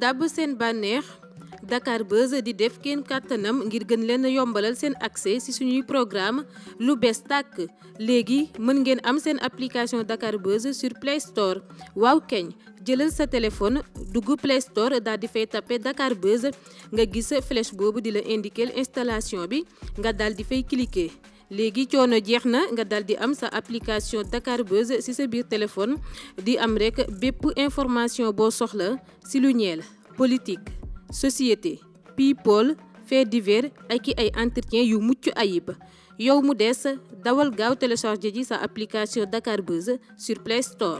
dàbb seen bànneex Dakar Buzz di def kenn kàttanam ngir gën leen yombalal seen accès ci suñuy programme lu bees tàkk léegi mën ngeen am seen application Dakar Buzz sur Play Store waaw keñ jëlal sa téléphone dugg Play Store daal di fay tapé Dakar Buzz nga gis flèche boobu di la indiquer installation bi nga daal di fay cliquer. léegi coono jeex na nga dal di am sa application Dakar Buzz ci sa biir téléphone di am rekk bépp information boo soxla ci lu ñeel politique société people faits divers ak i ay entretien yu mucc ayib yow mu des dawal gaaw télécharger ji sa application Dakar Buzz sur Play Store